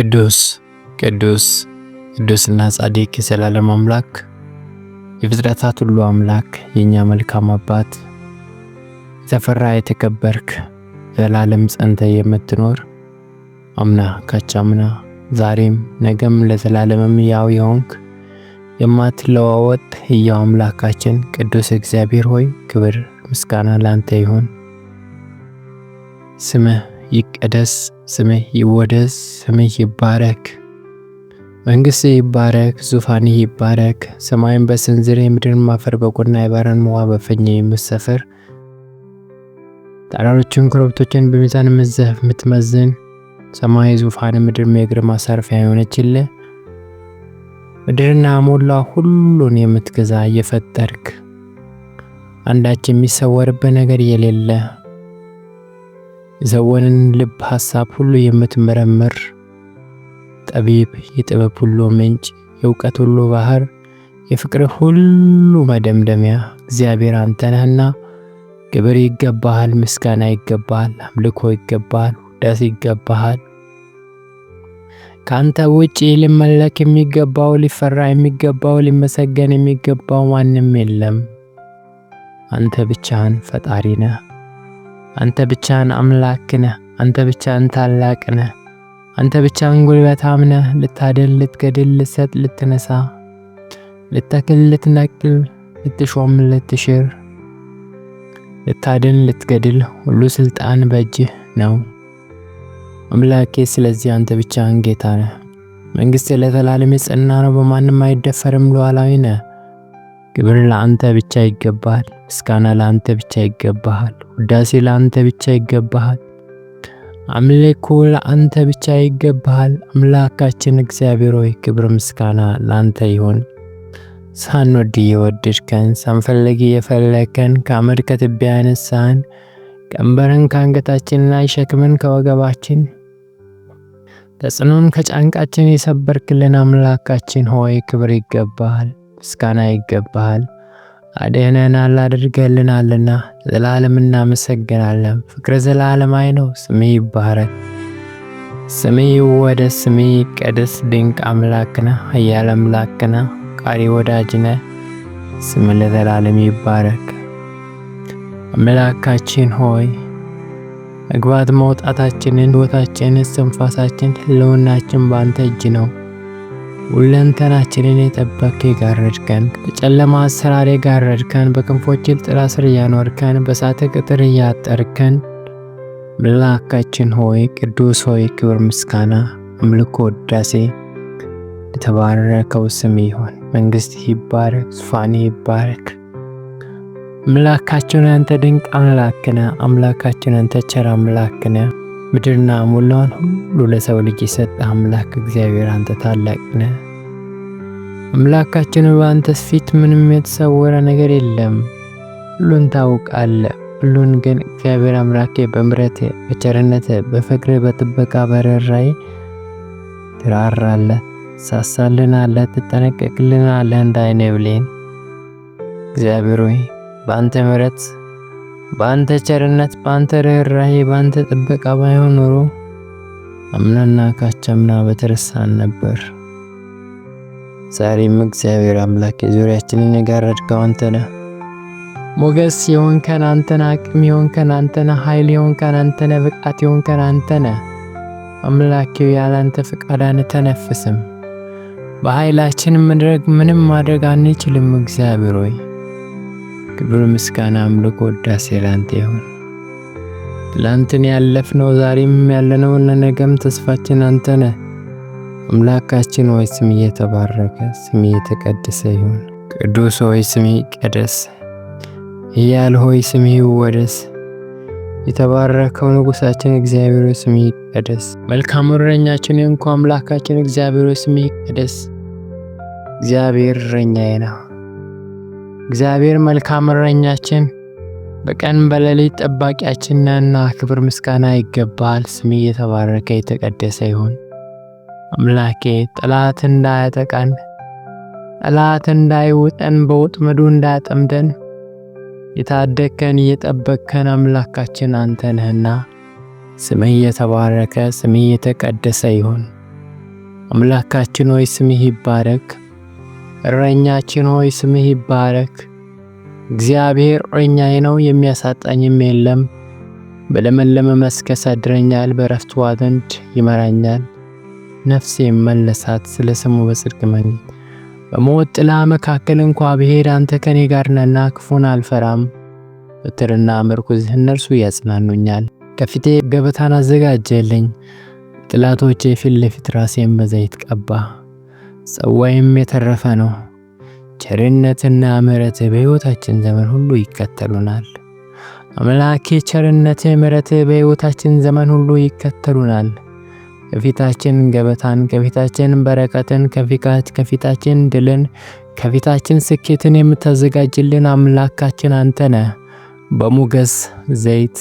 ቅዱስ ቅዱስ ቅዱስና ጻድቅ የዘላለም አምላክ የፍጥረታት ሁሉ አምላክ የእኛ መልካም አባት የተፈራ የተከበርክ ዘላለም ጸንተ የምትኖር አምና ካቻምና ዛሬም ነገም ለዘላለምም ያው የሆንክ የማትለዋወጥ እያው አምላካችን ቅዱስ እግዚአብሔር ሆይ ክብር ምስጋና ላንተ ይሁን። ስምህ ይቀደስ፣ ስምህ ይወደስ፣ ስምህ ይባረክ፣ መንግሥትህ ይባረክ፣ ዙፋንህ ይባረክ። ሰማይን በስንዝር የምድርን አፈር በቁና የባሕርን ውሃ በፈኛ የምትሰፍር ተራሮችን ኮረብቶችን በሚዛን የምትመዝን ሰማይ ዙፋን ምድር የእግር ማሳረፊያ የሆነችል ምድርና ሞላ ሁሉን የምትገዛ እየፈጠርክ አንዳች የሚሰወርብህ ነገር የሌለ የሰውንን ልብ ሐሳብ ሁሉ የምትመረምር ጠቢብ፣ የጥበብ ሁሉ ምንጭ፣ የእውቀት ሁሉ ባህር፣ የፍቅር ሁሉ መደምደሚያ እግዚአብሔር አንተ ነህና ክብር ይገባሃል፣ ምስጋና ይገባሃል፣ አምልኮ ይገባሃል፣ ውዳሴ ይገባሃል። ከአንተ ውጭ ሊመለክ የሚገባው ሊፈራ የሚገባው ሊመሰገን የሚገባው ማንም የለም። አንተ ብቻህን ፈጣሪ ነህ። አንተ ብቻን አምላክ ነህ፣ አንተ ብቻን ታላቅ ነህ፣ አንተ ብቻን ጉልበታም ነህ። ልታደል፣ ልትገድል፣ ልትሰጥ፣ ልትነሳ፣ ልተክል፣ ልትነቅል፣ ልትሾም፣ ልትሽር፣ ልታደል፣ ልትገድል ሁሉ ስልጣን በእጅህ ነው አምላኬ። ስለዚህ አንተ ብቻን ጌታ ነህ። መንግስት ለዘላለም የጸና ነው፣ በማንም አይደፈርም። ሉዓላዊ ነህ። ክብር ለአንተ ብቻ ይገባሃል። ምስጋና ለአንተ ብቻ ይገባሃል። ውዳሴ ለአንተ ብቻ ይገባሃል። አምልኮ ለአንተ ብቻ ይገባሃል። አምላካችን እግዚአብሔር ሆይ ክብር ምስጋና ለአንተ ይሁን። ሳንወድ እየወደድከን ሳንፈልግ እየፈለግከን ከአመድ ከትቢያ ያነሳን ቀንበርን ከአንገታችን ላይ ሸክምን ከወገባችን ተጽዕኖን ከጫንቃችን የሰበርክልን አምላካችን ሆይ ክብር ይገባሃል። ምስጋና ይገባሃል። አድህነናል አላደርገልናልና ዘላለም እናመሰግናለን። ፍቅር ዘላለማዊ ነው። ስሜ ይባረክ፣ ስሜ ይወደስ፣ ስሜ ይቀደስ። ድንቅ አምላክ ነህ፣ ኃያል አምላክ ቃሪ ወዳጅነ ስም ለዘላለም ይባረክ። አምላካችን ሆይ መግባት መውጣታችንን፣ ሕይወታችንን፣ ስንፋሳችን፣ ህልውናችን በአንተ እጅ ነው። ሁለንተናችንን የጠበክ የጋረድከን በጨለማ አሰራር የጋረድከን በክንፎችን ጥላ ስር እያኖርከን በሳተ ቅጥር እያጠርከን ምላካችን ሆይ ቅዱስ ሆይ ክብር፣ ምስጋና፣ አምልኮ፣ ወዳሴ የተባረከው ስም ይሆን። መንግስት ይባረክ፣ ዙፋን ይባረክ። አምላካችን አንተ ድንቅ አምላክነ። አምላካችን አንተ ቸር አምላክነ። ምድርና ሙላዋን ሁሉ ለሰው ልጅ የሰጠ አምላክ እግዚአብሔር አንተ ታላቅ ነህ። አምላካችን በአንተ ፊት ምንም የተሰወረ ነገር የለም። ሁሉን ታውቃለህ። ሁሉን ግን እግዚአብሔር አምላኬ በምረት በቸርነት በፍቅር በጥበቃ በረራይ ትራራለ ሳሳልናለ ትጠነቀቅልናለ እንዳይነብሌን እግዚአብሔር ሆይ በአንተ ምረት በአንተ ቸርነት፣ በአንተ ርኅራኄ፣ በአንተ ጥበቃ ባይሆን ኖሮ አምናና ካቻምና በተረሳን ነበር። ዛሬም እግዚአብሔር አምላክ የዙሪያችንን የጋረድከው አንተ ነህ። ሞገስ የሆንከን አንተ አቅም የሆንከን አንተ ኃይል የሆንከን አንተ አንተነ ብቃት የሆንከን አንተ አምላኬው ያላንተ ፍቃድ አንተነፍስም። በኃይላችን ምድረግ ምንም ማድረግ አንችልም። እግዚአብሔር ሆይ ክብር፣ ምስጋና፣ አምልኮ፣ ወዳሴ ላንተ ይሁን። ትላንትን ያለፍነው ዛሬም ያለነው ነገም ተስፋችን አንተ ነህ። አምላካችን ሆይ ስም እየተባረከ ስም እየተቀደሰ ይሁን። ቅዱስ ሆይ ስም ይቀደስ። እያል ሆይ ስም ይወደስ። የተባረከው ንጉሳችን እግዚአብሔር ስም ይቀደስ። መልካም እረኛችን እንኳ አምላካችን እግዚአብሔር ስም ይቀደስ። እግዚአብሔር እረኛዬ ነው እግዚአብሔር መልካም እረኛችን በቀን በሌሊት ጠባቂያችን ነህና ክብር ምስጋና ይገባል። ስም እየተባረከ የተቀደሰ ይሁን። አምላኬ ጠላት እንዳያጠቃን፣ ጠላት እንዳይውጠን፣ በወጥመዱ እንዳያጠምደን የታደግከን እየጠበቅከን አምላካችን አንተ ነህና ስምህ እየተባረከ ስምህ እየተቀደሰ ይሁን። አምላካችን ሆይ ስምህ ይባረክ። እረኛችን ሆይ ስምህ ይባረክ። እግዚአብሔር እረኛዬ ነው የሚያሳጣኝም የለም። በለመለመ መስክ ያሳድረኛል፣ በረፍቱ ዘንድ ይመራኛል። ነፍሴ መለሳት ስለ ስሙ በጽድቅ መንገድ። በሞት ጥላ መካከል እንኳ ብሄድ አንተ ከኔ ጋር ነና፣ ክፉን አልፈራም። በትርና ምርኩዝ እነርሱ ያጽናኑኛል። ከፊቴ ገበታን አዘጋጀልኝ፣ ጥላቶቼ ፊት ለፊት ራሴን በዘይት ቀባ። ጸዋይም የተረፈ ነው። ቸርነትና ምሕረትህ በሕይወታችን ዘመን ሁሉ ይከተሉናል። አምላኬ ቸርነት ምሕረትህ በሕይወታችን ዘመን ሁሉ ይከተሉናል። ከፊታችን ገበታን፣ ከፊታችን በረከትን፣ ከፊታችን ድልን፣ ከፊታችን ስኬትን የምታዘጋጅልን አምላካችን አንተ ነህ። በሞገስ ዘይት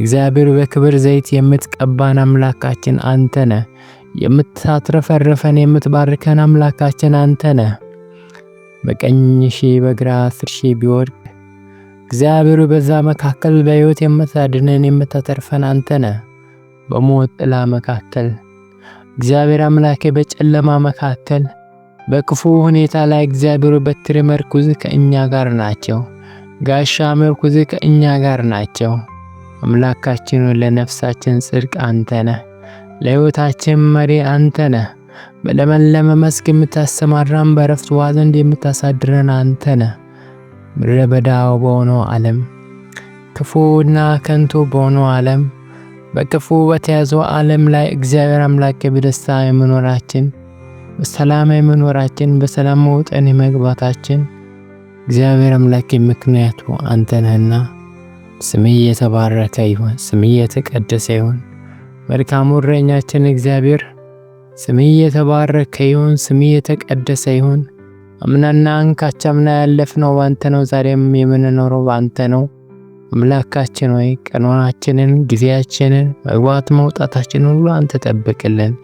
እግዚአብሔር በክብር ዘይት የምትቀባን አምላካችን አንተ የምታትረፈረፈን የምትባርከን አምላካችን አንተ ነህ። በቀኝ ሺ በግራ አስር ሺህ ቢወድቅ እግዚአብሔሩ በዛ መካከል በሕይወት የምታድነን የምታተርፈን አንተ ነህ። በሞት ጥላ መካከል እግዚአብሔር አምላኬ፣ በጨለማ መካከል በክፉ ሁኔታ ላይ እግዚአብሔሩ በትር መርኩዝ ከእኛ ጋር ናቸው። ጋሻ መርኩዝ ከእኛ ጋር ናቸው። አምላካችን ለነፍሳችን ጽድቅ አንተ ነህ። ለሕይወታችን መሪ አንተ ነህ። በለመለመ መስክ የምታሰማራን፣ በረፍት ውሃ ዘንድ የምታሳድረን አንተ ነህ። ምድረ በዳው በሆነው ዓለም፣ ክፉና ከንቱ በሆነው ዓለም፣ በክፉ በተያዘው ዓለም ላይ እግዚአብሔር አምላክ በደስታ የመኖራችን፣ በሰላም የመኖራችን፣ በሰላም መውጠን የመግባታችን እግዚአብሔር አምላክ ምክንያቱ አንተ ነህና ስምህ የተባረከ ይሁን፣ ስምህ የተቀደሰ ይሁን። መልካሙ እረኛችን እግዚአብሔር ስም እየተባረከ ይሁን፣ ስም እየተቀደሰ ይሁን። አምናና ካቻምና ያለፍነው ባንተ ነው፣ ዛሬም የምንኖረው ባንተ ነው። አምላካችን ሆይ ቀኖናችንን፣ ጊዜያችንን፣ መግባት መውጣታችን ሁሉ አንተ ጠብቅልን፣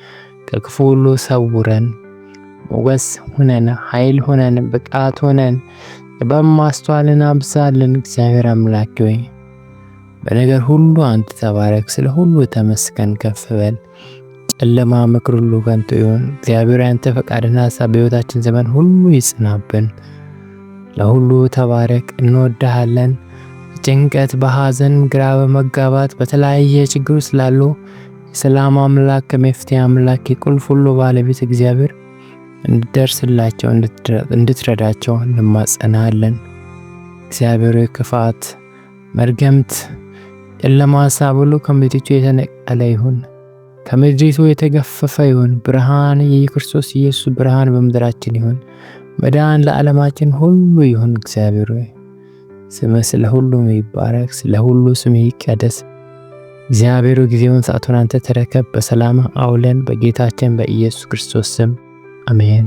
ከክፉ ሁሉ ሰውረን፣ ሞገስ ሁነን፣ ኃይል ሁነን፣ ብቃት ሁነን፣ ጥበብ አብዛልን። እግዚአብሔር አምላክ ሆይ በነገር ሁሉ አንተ ተባረክ፣ ስለ ሁሉ ተመስገን፣ ከፍ በል። ጨለማ ምክር ሁሉ ከንቱ ይሁን። እግዚአብሔር ያንተ ፈቃድና ሀሳብ በሕይወታችን ዘመን ሁሉ ይጽናብን። ለሁሉ ተባረክ፣ እንወዳሃለን። ጭንቀት፣ በሐዘን፣ ግራ በመጋባት በተለያየ ችግር ውስጥ ላሉ የሰላም አምላክ ከመፍትሄ አምላክ የቁልፍ ሁሉ ባለቤት እግዚአብሔር እንድደርስላቸው እንድትረዳቸው እንማጸናለን። እግዚአብሔር ክፋት፣ መርገምት ጨለማ ሀሳብ ሁሉ ከምድሪቱ የተነቀለ ይሁን፣ ከምድሪቱ የተገፈፈ ይሁን። ብርሃን የክርስቶስ ኢየሱስ ብርሃን በምድራችን ይሁን፣ መዳን ለዓለማችን ሁሉ ይሁን። እግዚአብሔር ሆይ ስምህ ስለ ሁሉም ይባረክ፣ ስለ ሁሉ ስም ይቀደስ። እግዚአብሔሩ ጊዜውን ሰዓቱን አንተ ተረከብ፣ በሰላም አውለን፣ በጌታችን በኢየሱስ ክርስቶስ ስም አሜን።